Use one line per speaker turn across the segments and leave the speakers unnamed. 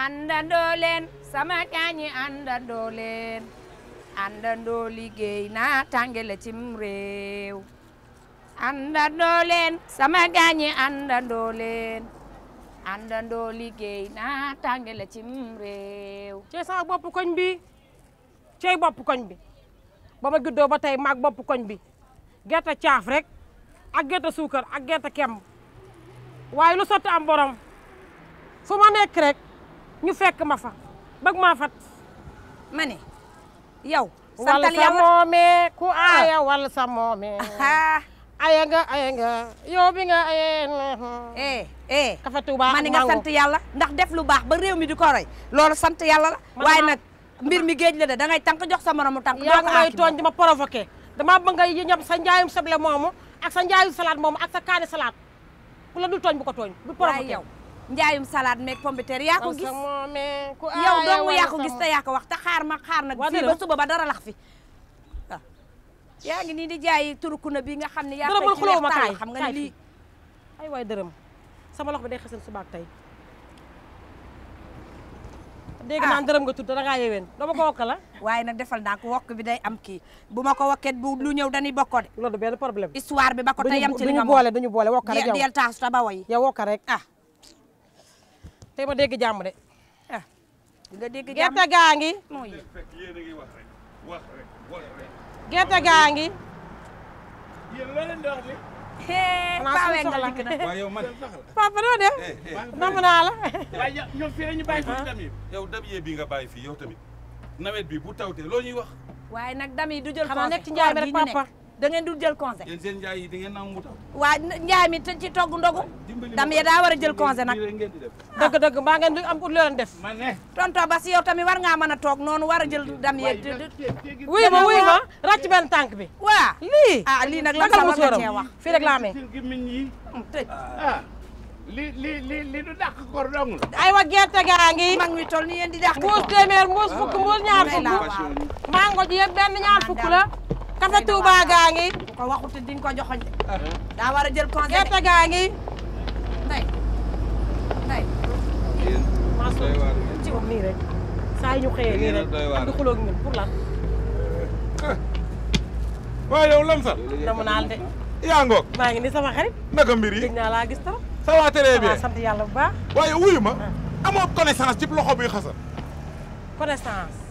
àndandoo leen sama gaañi àndandoo leen àndandoo liggéey naa tànge la cim réew àndandoo leen sama gaañi àndandoo leen liggéey naa tànge cim réew cey sama bopp koñ bi cey bopp koñ bi ba ma juddoo ba tey maag bopp koñ bi gerte caaf rek ak gerte suukar ak gerte kemb waaye lu sotti am borom fu ma nekk rek ñu fekk ma fa bëgg ma fat ma ne yow santal yàlla ah. sa moomee ku aaya wal eh, eh. sa yàlla ndax def lu baax ba réew mi di ko roy sant yàlla la waaye nag mi géej la de da jox sa moromu tànk yaa nga may tooñ ma provoqué dama bëgg nga yi ñam sa njaayum ak sa njaayu salaat moomu ak sa kaani salaat ku la dul tooñ bu ko tooñ du provoqué yow njaayum salade meeg pompiteer yaa ko gis yow dong yaa ko gis te yaa ko wax te xaar ma xaar nag fii ba suba ba dara lax fi ah. yaa ngi nii di jaay turukuna bii nga xam ne yaa ko ci lextaan xam nga ni lii ay waay dërëm sama lox day xasan subaak tey dégg ah. naan dërëm nga ko wokk la ah? waaye nag defal naa ko wokk bi day am kii bu ma ko wokkee bu lu ñëw dañuy bokkoo de loolu benn bi ba ko tey yam ci li nga moom boole duñu rek te ma dégg jàmm de ah, nga dégg jàmm gerte gaa ngi. gerte gaa ngi. waaw yow man papa doo
dem. Eh, eh. namm naa la. waaye ñoom fii rek ñu bàyyi fii ah. tamit. yow dam yee bii nga bàyyi fii yow tamit nawet bi bu tawtee loo ñuy
wax. waaye nag dam yi du jël. xanaa ci njaay mi papa. da ngeen dul jël congé. yéen seen njaay yi da ngeen am wutal. waa njaay mi te ci togg ndogu. dam ya daa war a jël congé nag. Ah. dëgg dëgg mbaa ngeen di am pour leen def. ma ne ba si yow tamit war ngaa mën a toog noonu war a jël dam ya. wuy ma wuy ma ràcc benn tànk bi. waa lii. ah lii nag lan la war nga cee wax fii rek laa amee. Hmm, ah, li li li li kor dong la. aywa gerte gaa ngi. mag mi toll ni yéen di dàq. mbuus téeméer mbuus ah. fukk mbuus ñaar fukk. mango ji yëpp benn ñaar fukk la. kafe Touba gaa ngi. bu ko waxut diñ ko joxoñ daa war a jël conseil gerte gaa ngi. ndey ndey. ci wax nii rek saa yu ñu xëyee nii rek di xuloo ak ñun pour lan. de. yaa ngoog. maa ngi ni sama xarit. naka mbir yi dégg naa laa gis tam. ça va yàlla bu baax.
waaye wuyu ma. Ah. amoo connaissance ci loxo buy
connaissance.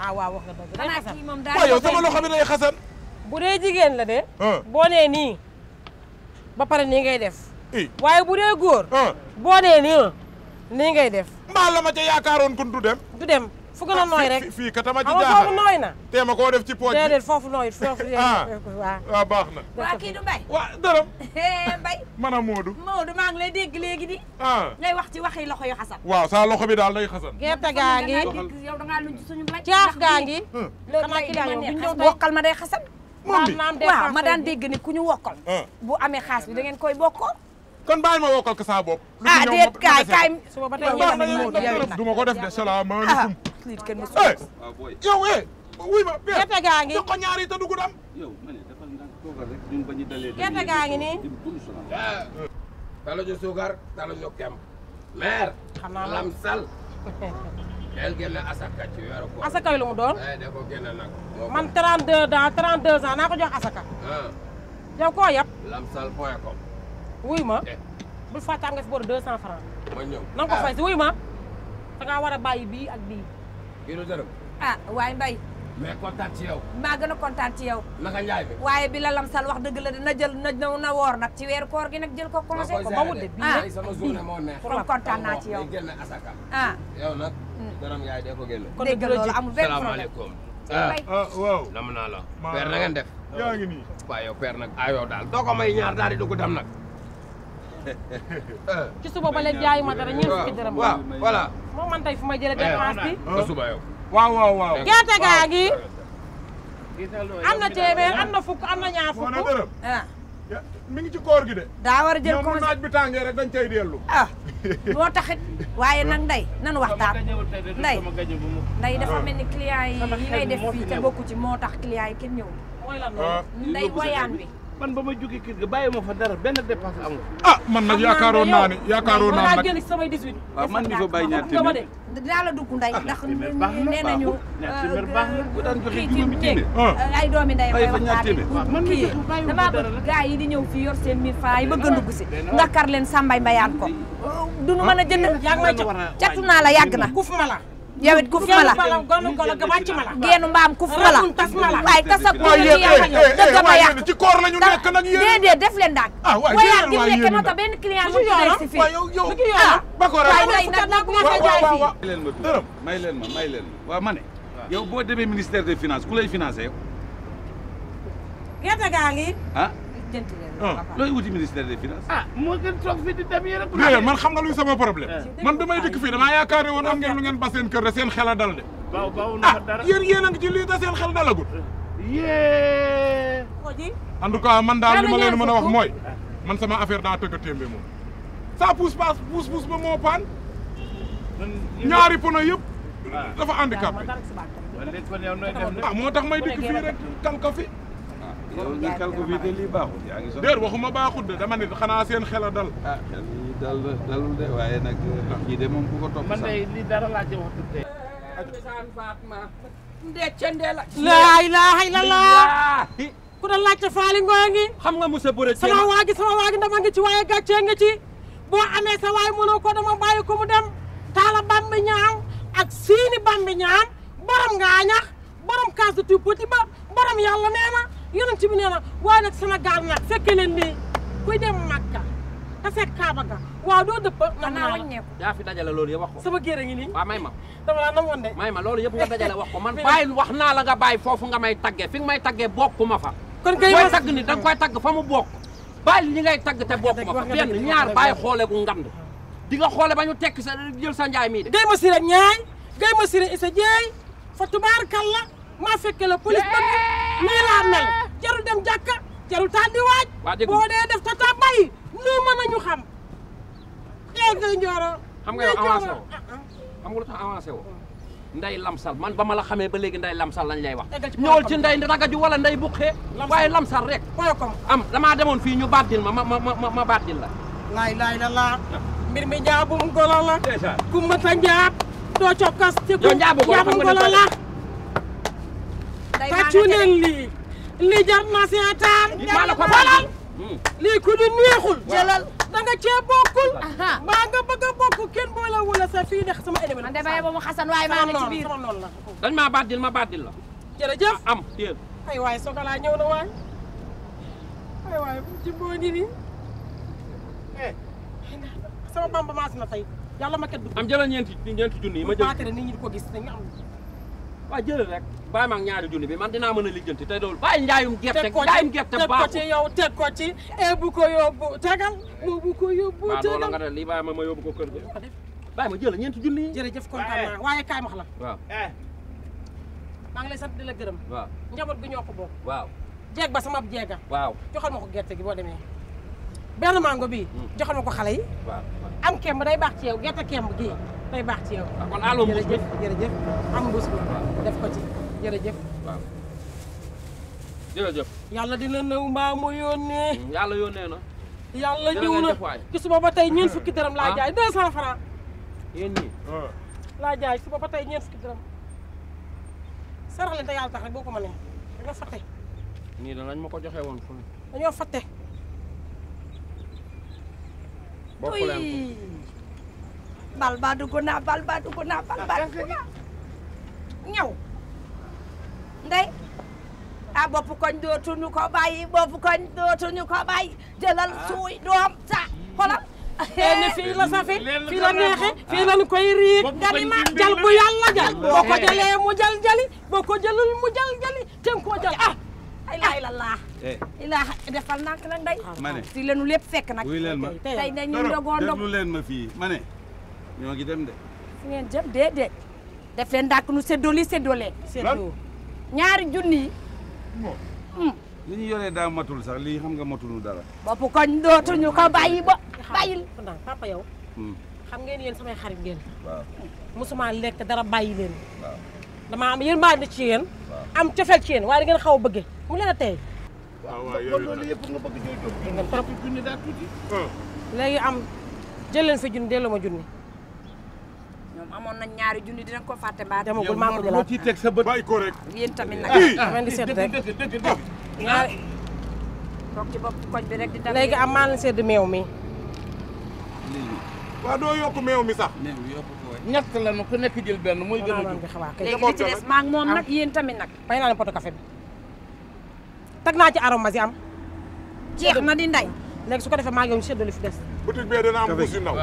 ah waaw wax nga dëgg day sama loxo bi day xasan. bu dee jigéen la de. Ah. boo nee nii ba pare nii ngay def. Eh. waaye bu dee góor. Ah. boo nee nii nii ngay def. mbaa la ma ca yaakaaroon kun du dem. du dem. fu gën a ah, nooy rek fii katama ci jaaxal foofu nooy na teema koo def ci pooj déedéet foofu ah, baax na waa kii du mbay waa dërëm eh, mbay man a Moodu Moodu maa ngi lay dégg léegi di a ah. ngay wax ci waxi loxo yu xasan waaw sa loxo
bi daal day xasan gerte gaa ngi yow
gaa ngi xanaa kii daal bu ñu wokkal ma day xasan moom bi waaw ma daan dégg ni ku ñu wokkal bu amee xaas bi da ngeen koy bokkoo kon bàyyi ma wokkal ko
saa bopp ah déet kaay kaay suba ba tey ñu dama Moodu du ma ko def lii kenn mësu ngi ko ñaari te dugg dam yow ma ne defal ndànk toogal rek ñun eh! kem maire lam sal asaka ci weeru doon eh, da ko génne nag man
32 dans naa ko jox asaka ah. yow koo yab
lam sal point
wuy ma eh. bul fàtte am nga si bor 200 francs ma ko ah. fay si wuy ma da ngaa war a bàyyi bii kilo dërëm ah waaye Mbaye mais kontaan ci yow maa gën a kontaan ci yow naka njaay bi waaye bi la lamsal wax dëgg la na jël na na woor nag ci weer koor gi nag jël ko conseil ko ba wut de bii ah. sama journée moo a kon kontaan naa ci yow génn asaka ah
yow nag mm. dërëm yaay dee ko génn
dégg loolu amul ah.
Ah, naa la na ngeen def yaa ngi nii waaye yow daal doo ma may ñaar daal di dugg dem nag Euh.
ci suba ba léegi jaayu ma dara ñeent fukki dërëm. waaw voilà. moom man tey fu may jëlee dépense bi.
ba suba yow. waaw waaw waaw. gerte gaa gi.
am na téeméer am na fukk am na ñaar fukk. moo dërëm ah. mi gi de. daa war a jël naaj bi tàngee rek dañ cay dellu. ah loo taxit waaye nag nday nanu waxtaan nday nday dafa ah. mel ni client yi yi ngay def fii te bokku ci moo tax client yi kenn ñëwul. mooy lan wayaan ah. bi.
man ba ma jógee kër ga bàyyi ma fa dara benn dépense amul. ah man nag yaakaaroon naa ne yaakaaroon naa nag jëli
a 18. waaw man di fa bàyyi ñaar téeméer daa la dugg ndey ndax nee nañu
bu daan joxe juróomi téeméer
ay doomi ndey may waxtaan kii damaa bëgg gars yi di ñëw fii yor seen 1000 francs yi bëgg a dugg si nga kar leen sàmbay mbayaan ko duñu mën a jënd catu naa la yàgg na kuf ma yow it kuf ma la génn mbaam kuf ma la waaye tasa góor yi eh, eh, dëgg ma yàq ci koor lañu nekk nag yéen déedéet def leen daal ah, waaye ak gi lekke ma ta benn client mu lay si fii waaye nay ah, nag naa commencé jaay fii may
leen ma dërëm may leen ma may leen ma waaw ma ne yow boo demee ministère des finances ku lay financé yow
gerte gaa ngi ah jënd ah,
looy wuti ministère des finances.
ah moo gën toog fii di dem yéen
a. man xam nga luy sama problème. man bi may dëkk fii damaa yaakaare woon am ba seen kër de seen xel a dal de. waaw baaxul na ah, dara a ngi da seen xel dalagul. yee. en tout man daal ma leen mën a wax mooy. man sama affaire daa tëgg a téembe moom. ça pousse pas pousse pousse ba moo paan. ñaari pono yëpp. Ah. dafa handicapé. ah moo tax may dëkk fii rek kal fi. yow ñu kal ko fii de lii baaxul yaa ngi sonn. déet waxuma baaxul de a dal. ah xel yi dal dalul de waaye nag eh, ah. kii de moom ku ko topp sax. man de li dara laa ci wax tuddee. laa ilaaha
ku ne laajte faali ngi. xam nga monsieur Bore. sama waa gi sama waa gi dama ngi ci waaye gàccee nga ci. boo amee sa waay ko dama bàyyi ko mu dem. taala bambi ñaam ak siini bambi ñaam borom ngaañax borom kaas tuuti ba borom yàlla nee na yonent bi nee na waaye nag Sénégal nag fekke leen nii kuy dem Makka te fekk Kaaba ga waaw doo dëpp xanaa wàññeeku yaa fi dajale loolu yëpp wax ko sama géer a ngi nii waaw may ma dama laa namoon de may ma
loolu yëpp nga wax ko man bàyyi wax naa la nga bàyyi foofu nga may tagge fi nga may tagge bokku ma fa kon kay koy tagg ni da nga koy tagg fa mu bokk bàyyi li ngay tagg te bokku ma fa benn ñaar bàyyi xoole gu
ngand di nga xoole ba ñu tekk sa jël sa njaay mii de gay ma sira ñaay gay ma sira isa jeey fa maa fekke la police ba nii laa mel jarul dem jàkka jarul taal di waaj. boo dee def ta ta bay lu mën a ñu xam. léegi eh, Nioro. xam nga yow avancé
xam nga lu tax avancé woo. nday lamsal man ba ma la xamee ba léegi nday lamsal lañ lay wax. ñëwal ci nday ragaju wala nday buqee. waaye lamsal rek. am damaa demoon fii ñu baatil ma ma ma ma baatil la.
laay laay la laa. Ah. mbir mi njaabum golo la. déjà kumata njaab. doo cokkas ci ku njaabum golo la. tàccu neen lii jar machine taal. xoolal lii ku di neexul. jëlal da nga cee bokkul. mbaa nga bëgg a bokk kenn boole wala sa fii sama ennemi. ba mu xasan waaye maa ngi ci la
dañ maa baddil ma baddil la. jërëjëf am téel.
ay waay Sokala na waay. Eh, ma kat. am
jëlal ñeenti ñeenti junni ma jël. gis dañu waaw jëlal rek baa ma ak ñaari junni bi man dinaa mën a lijjanti te dool bàyyi njaayum gerte njaayum gerte baaxul teg ko ci yow teg ko ci e bu ko yóbbu tegal bu eh, bu ko yóbbu lii bàyyi ma ma yóbbu ko kër ga bàyyi ma jëlal ñeenti junni yi jërëjëf kontaan naa waaye kaay ma wax la waaw
eh. maa ngi lay sant di gërëm njaboot gi ñoo ko bokk waaw jeeg ba sama jeega waaw joxal ma ko gerte gi boo demee benn bi hmm. joxal ma ko xale yi waaw am kemb day baax ci yow gerte kemb gii day baax ci yow. Ah, kon allo mbuus bi am mbuus bi def ko ci jërëjëf. waaw yàlla
dina nëw mbaa mu yónnee. Hmm, yàlla yónnee na. yàlla ñëw na
ci suba ba tey ñeent fukki dërëm laa ah. jaay 200 francs. yéen ñii. Ah. suba ba tey ñeent fukki dërëm. sarax leen te yàlla tax rek boo ko mënee da nga fàtte.
nii danañ ma ko joxe woon fu ne.
dañoo fàtte. bokk leen ko bal ba dugg naa bal ba a bopp koñ dootuñu ko bàyyi bopp koñ dootuñu ko bàyyi jëlal suuy doom ta xoolal ne fii la safe fii la neexe koy riig ganima jal bu yàlla jal boo ko mu jal jali boo ko mu jal jali ten koo jal ay la laa ilaa eh. defal nak nag day ah. ma ne fekk nag wuy leen ma tey ne ñu ndogoon
leen ma fii ma ne ñoo ngi dem de
fu ngeen def leen ndàkk nu séddooli séddoolee séddoo ñaari junni yi hmm.
li ñu yoree daa matul sax lii xam nga matul nu dara
bopp koñ dootuñu ko bàyyi ba bàyyil papa yow hmm. xam ngeen yéen samay xarit ngeen waaw mosuma lekk dara bàyyi leen waaw damaa am yërmande ci yéen am cofeel ci yéen waaye da ngeen xaw a mu leen a tey.
waaw hmm.
léegi am jël leen sa junni delloo ma junni. ñoom amoon nañ ñaari junni dinañ ko fàtte mbaa. demagul maa ko
jëlaat sa bët bàyyi ko rek.
yéen tamit nag. maa ngi sedd rek ñaari. toog ci bopp koñ bi rek di dal. léegi am maa ngi sedd meew mi. waaw doo yokk meew mi sax. meew la nu ku nekk jël benn muy gën a jóg. léegi li ci des nag yéen tamit nag. bay naa leen bi. teg naa ci arôme yi am. jeex na di nday léegi su ko defee maa ngi woon séddale li fi des. boutique bee dana am ndaw.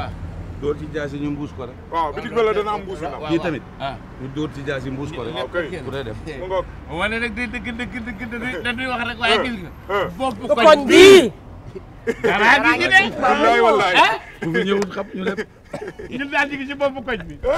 dóor ci jaasi ñu mbuus ko rek. waaw bee la dana am mbuus yu ndaw. kii tamit ah. ñu ci jaasi mbuus ko rek. waaw kay bu dee def. wane nag day dëgg dëgg dëgg dëgg dañuy wax rek waaye gis nga. Eh, eh. bokk koñ bii. daraa ngi ci de. wallaay wallaay. Eh? bu ñëwul xam ñu lépp. ñun daal di ngi ci bopp